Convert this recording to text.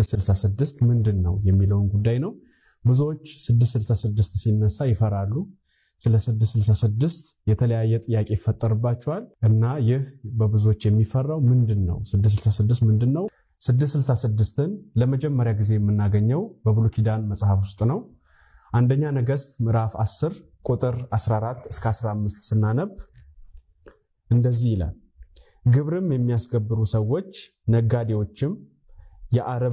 666 ምንድን ነው የሚለውን ጉዳይ ነው። ብዙዎች 666 ሲነሳ ይፈራሉ። ስለ 666 የተለያየ ጥያቄ ይፈጠርባቸዋል እና ይህ በብዙዎች የሚፈራው ምንድን ነው? 666 ምንድን ነው? 666ን ለመጀመሪያ ጊዜ የምናገኘው በብሉ ኪዳን መጽሐፍ ውስጥ ነው። አንደኛ ነገሥት ምዕራፍ 10 ቁጥር 14 እስከ 15 ስናነብ እንደዚህ ይላል፣ ግብርም የሚያስገብሩ ሰዎች ነጋዴዎችም የአረብ